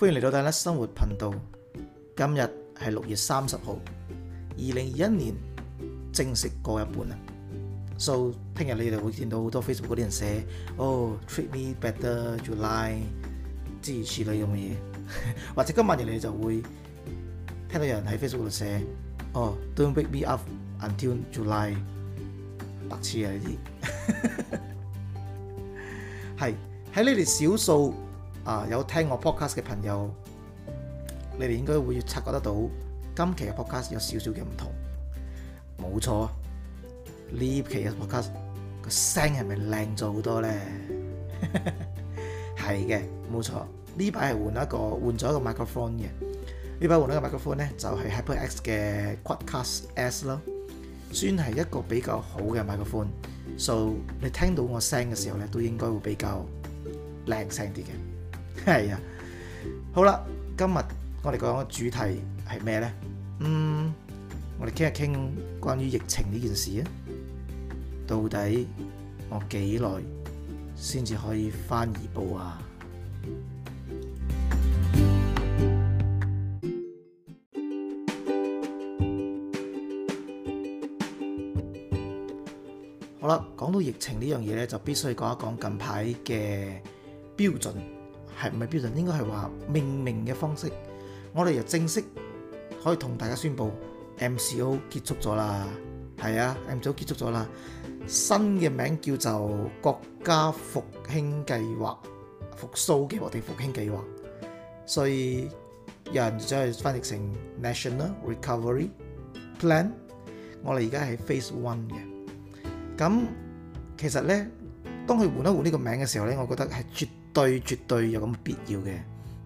歡迎嚟到第一生活頻道。今日係六月三十號，二零二一年正式過一半啦。So，聽日你哋會見到好多 Facebook 嗰啲人寫哦，treat me better July，即係似呢樣嘢。或者今日你哋就會聽到有人喺 Facebook 度寫哦，don't wake me up until July，白痴嚟啲。係喺呢啲少數。啊！有聽我 podcast 嘅朋友，你哋應該會察覺得到今期嘅 podcast 有少少嘅唔同。冇錯，呢期嘅 podcast 個聲係咪靚咗好多咧？係 嘅，冇錯。呢排係換一個換咗一個 microphone 嘅。呢排換咗個 microphone 咧就係 HyperX 嘅 Quadcast S 囉，算係一個比較好嘅 microphone。所、so，以你聽到我聲嘅時候咧，都應該會比較靚聲啲嘅。係啊，好啦，今日我哋講嘅主題係咩咧？嗯，我哋傾一傾關於疫情呢件事啊。到底我幾耐先至可以翻移步啊？好啦，講到疫情呢樣嘢咧，就必須講一講近排嘅標準。係唔係標準？應該係話命名嘅方式。我哋又正式可以同大家宣布，MCO 結束咗啦。係啊，MCO 結束咗啦。新嘅名叫做國家復興計劃、復甦嘅我哋復興計劃。所以有人將佢翻譯成 National Recovery Plan。我哋而家係 Phase One 嘅。咁其實咧，當佢換一換呢個名嘅時候咧，我覺得係絕對。對，絕對有咁必要嘅。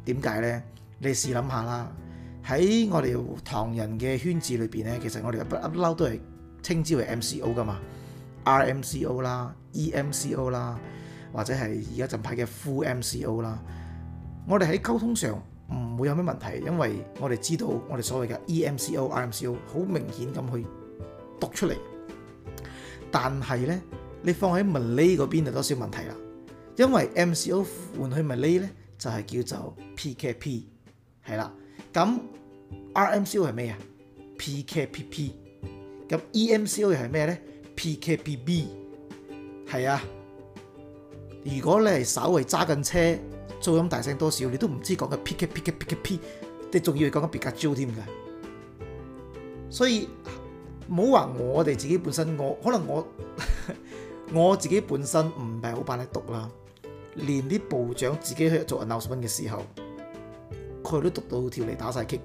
點解咧？你試諗下啦。喺我哋唐人嘅圈子裏邊咧，其實我哋不嬲都係稱之為 MCO 噶嘛，R M C O 啦，E M C O 啦，或者係而家近排嘅 Full M C O 啦。我哋喺溝通上唔會有咩問題，因為我哋知道我哋所謂嘅 E M C O、R M C O 好明顯咁去讀出嚟。但係咧，你放喺 Malay 嗰邊就多少問題啦。因為 MCO 換去咪呢咧，就係、是、叫做 PKP，係啦。咁 RMCO 係咩啊？PKPP。咁 EMCO 又係咩咧？PKPB。係啊。如果你係稍微揸緊車，噪音大聲多少，你都唔知講緊 PKPKPKP，你仲要講緊別格焦添㗎。所以唔好話我哋自己本身，我可能我 我自己本身唔係好把得讀啦。連啲部長自己去做 announcement 嘅時候，佢都讀到條脷打晒 K。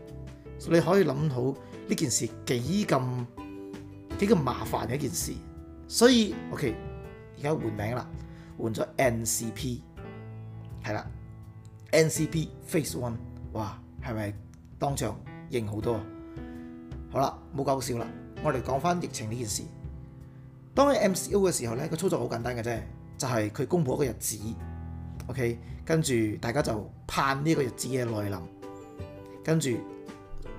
所以你可以諗好呢件事幾咁幾咁麻煩嘅一件事，所以 OK 而家換名啦，換咗 NCP 係啦，NCP Phase One，哇，係咪當場認好多？好啦，冇搞笑啦，我哋講翻疫情呢件事。當佢 MCO 嘅時候咧，個操作好簡單嘅啫，就係、是、佢公布一個日子。O K，跟住大家就盼呢個日子嘅來臨，跟住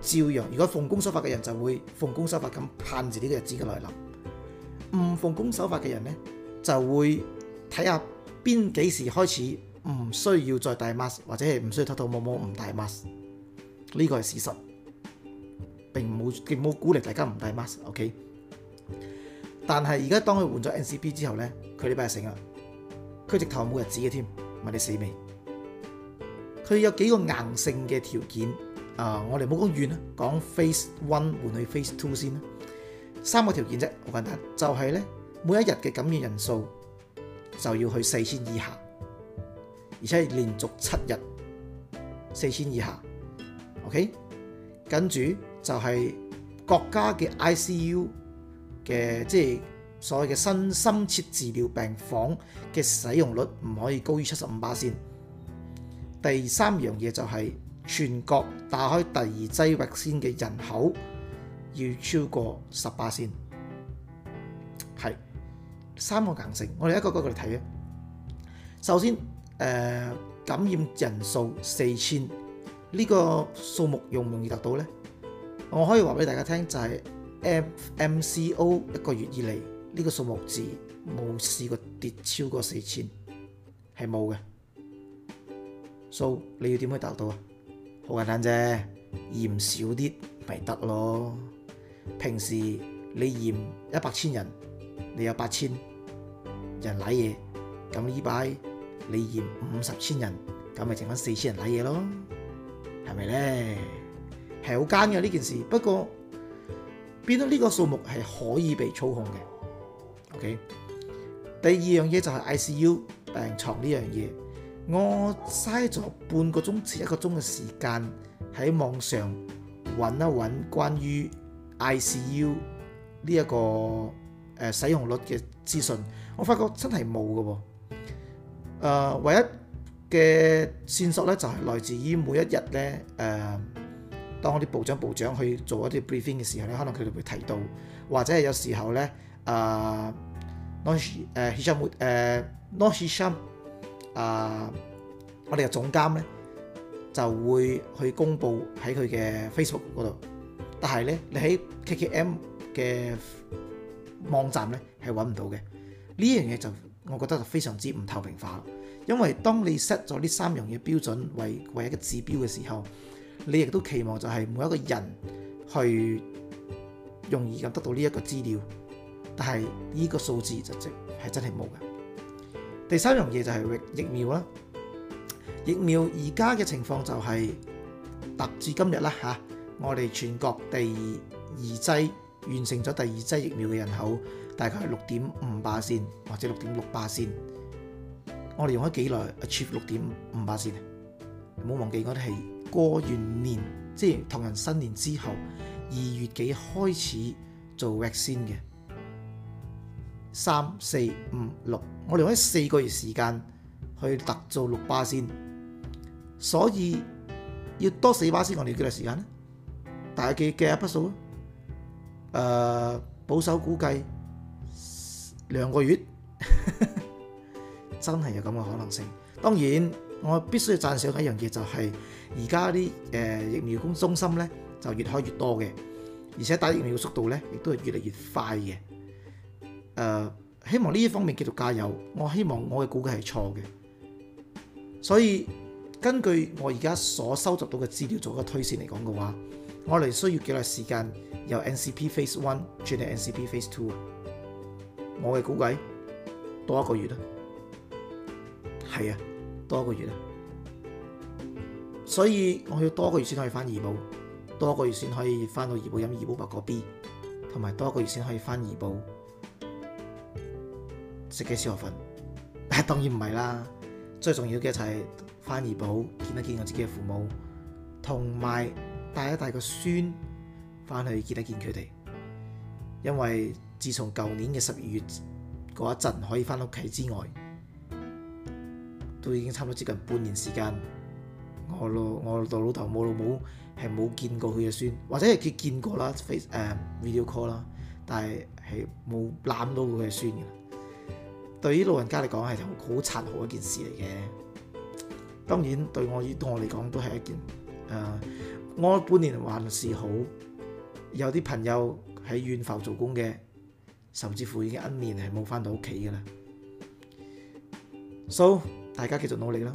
照樣。如果奉公守法嘅人就會奉公守法咁盼住呢個日子嘅來臨。唔奉公守法嘅人咧，就會睇下邊幾時開始唔需要再戴 mask，或者係唔需要偷偷摸摸唔戴 mask。呢個係事實，並冇並冇鼓勵大家唔戴 mask。O K，但係而家當佢換咗 N C P 之後咧，佢呢班人醒啦，佢直頭冇日子嘅添。問你死未？佢有幾個硬性嘅條件啊！我哋冇講遠啊，講 Phase One 換去 Phase Two 先啦。三個條件啫，好簡單，就係咧每一日嘅感染人數就要去四千以下，而且係連續七日四千以下。OK，跟住就係國家嘅 ICU 嘅即係，所謂嘅新深切治療病房嘅使用率唔可以高於七十五巴仙。第三樣嘢就係全國打開第二劑疫苗先嘅人口要超過十巴仙，係三個硬性。我哋一個一個嚟睇啊。首先，誒、呃、感染人數四千呢個數目容唔容易達到呢？我可以話俾大家聽，就係 M M C O 一個月以嚟。呢個數目字冇試過跌超過四千，係冇嘅。So 你要點去達到啊？好簡單啫，驗少啲咪得咯。平時你驗一百千人，你有八千人攬嘢，咁依拜你驗五十千人，咁咪剩返四千人攬嘢咯，係咪咧？係好艱嘅呢件事，不過變咗呢個數目係可以被操控嘅。Okay，第二樣嘢就係 I C U 病床呢樣嘢，我嘥咗半個鐘至一個鐘嘅時間喺網上揾一揾關於 I C U 呢一個誒使用率嘅資訊，我發覺真係冇嘅喎。唯一嘅線索咧就係來自於每一日咧誒，當我啲部長部長去做一啲 briefing 嘅時候咧，可能佢哋會提到，或者係有時候咧。啊、uh,，no 誒 Hisham 誒、uh,，no Hisham 啊、uh，我哋嘅總監咧就會去公布喺佢嘅 Facebook 嗰度，但係咧你喺 K K M 嘅網站咧係揾唔到嘅。呢樣嘢就我覺得就非常之唔透明化咯。因為當你 set 咗呢三樣嘢標準為為一個指標嘅時候，你亦都期望就係每一個人去容易咁得到呢一個資料。但係呢個數字就即係真係冇嘅。第三樣嘢就係疫苗啦。疫苗而家嘅情況就係達至今日啦吓，我哋全國第二二劑完成咗第二劑疫苗嘅人口大概係六點五巴仙或者六點六巴仙。我哋用咗幾耐 achieve 六點五巴仙？唔好忘記嗰啲係過完年，即係同人新年之後二月幾開始做 vaccine 嘅。三四五六，我哋用四個月時間去特做六巴仙，所以要多四巴仙，我哋要幾多時間咧？大家計計下筆數咯，啊。誒、呃，保守估計兩個月， 真係有咁嘅可能性。當然，我必須要讚賞一樣嘢，就係而家啲誒疫苗公中心咧就越開越多嘅，而且打疫苗嘅速度咧亦都係越嚟越快嘅。誒，希望呢一方面繼續加油。我希望我嘅估計係錯嘅，所以根據我而家所收集到嘅資料做一個推算嚟講嘅話，我哋需要幾耐時間由 NCP Phase One 轉到 NCP Phase Two 啊？我嘅估計多一個月啦，係啊，多一個月啦，所以我要多一個月先可以返怡保，多一個月先可以返到怡保飲怡保白個 B，同埋多一個月先可以返怡保。食嘅少學分，但係當然唔係啦。最重要嘅就係翻怡保見一見我自己嘅父母，同埋帶一帶一個孫翻去見一見佢哋。因為自從舊年嘅十二月嗰一陣可以翻屋企之外，都已經差唔多接近半年時間，我老我老豆老頭，冇老母係冇見過佢嘅孫，或者係佢見過啦，face 誒、um, video call 啦，但係係冇攬到佢嘅孫對於老人家嚟講係好殘酷嘅一件事嚟嘅，當然對我對我嚟講都係一件、啊、我半年話是好，有啲朋友喺遠埠做工嘅，甚至乎已經一年係冇返到屋企嘅啦。So 大家繼續努力啦！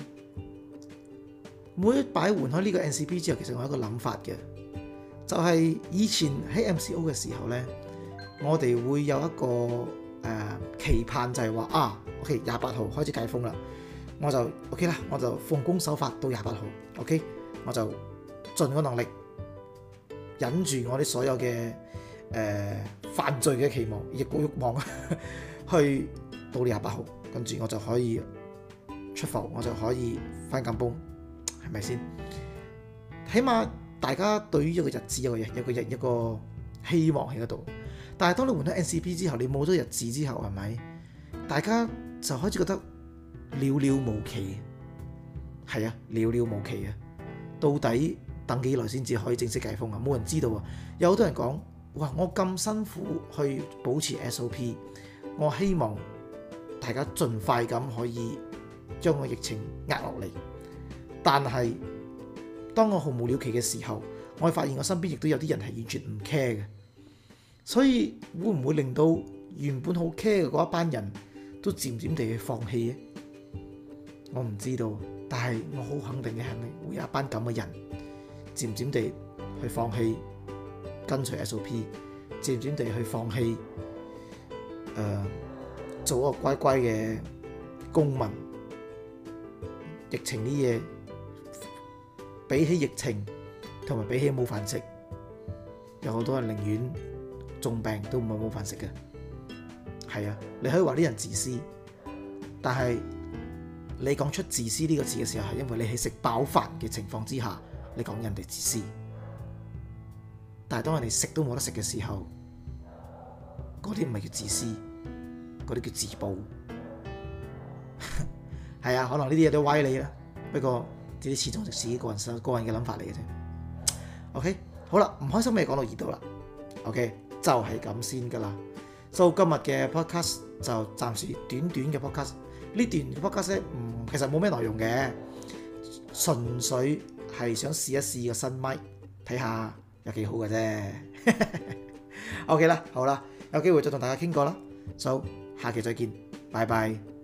每一擺換開呢個 NCP 之後，其實我有一個諗法嘅，就係、是、以前喺 MCO 嘅時候呢我哋會有一個。誒、呃、期盼就係話啊，OK，廿八號開始解封啦，我就 OK 啦，我就奉公守法到廿八號，OK，我就盡我能力忍住我啲所有嘅誒、呃、犯罪嘅期望、欲望， 去到呢廿八號，跟住我就可以出埠，我就可以翻緊工，係咪先？起碼大家對於一個日子、有個日、一個日、一個日、一個希望喺度。但係當你換咗 NCP 之後，你冇咗日子之後，係咪？大家就開始覺得遙遙無期，係啊，遙遙無期啊！到底等幾耐先至可以正式解封啊？冇人知道啊！有好多人講，哇，我咁辛苦去保持 SOP，我希望大家盡快咁可以將個疫情壓落嚟。但係當我毫無了期嘅時候，我哋發現我身邊亦都有啲人係完全唔 care 嘅。所以會唔會令到原本好 care 嗰一班人都漸漸地去放棄咧？我唔知道，但係我好肯定嘅係會有一班咁嘅人漸漸地去放棄跟隨 SOP，漸漸地去放棄誒、呃、做一個乖乖嘅公民。疫情呢嘢比起疫情同埋比起冇飯食，有好多人寧願。重病都唔係冇飯食嘅，係啊，你可以話呢啲人自私，但係你講出自私呢個字嘅時候，係因為你喺食飽飯嘅情況之下，你講人哋自私。但係當人哋食都冇得食嘅時候，嗰啲唔係叫自私，嗰啲叫自保。係 啊，可能呢啲嘢，都歪你啦。不過呢啲始終係自己個人、個人嘅諗法嚟嘅啫。OK，好啦，唔開心嘅嘢講到呢度啦。OK。就係咁先㗎啦，所以今日嘅 podcast 就暫時短短嘅 podcast。呢段 podcast 唔其實冇咩內容嘅，純粹係想試一試個新麥，睇下有幾好嘅啫。OK 啦，好啦，有機會再同大家傾過啦，所以下期再見，拜拜。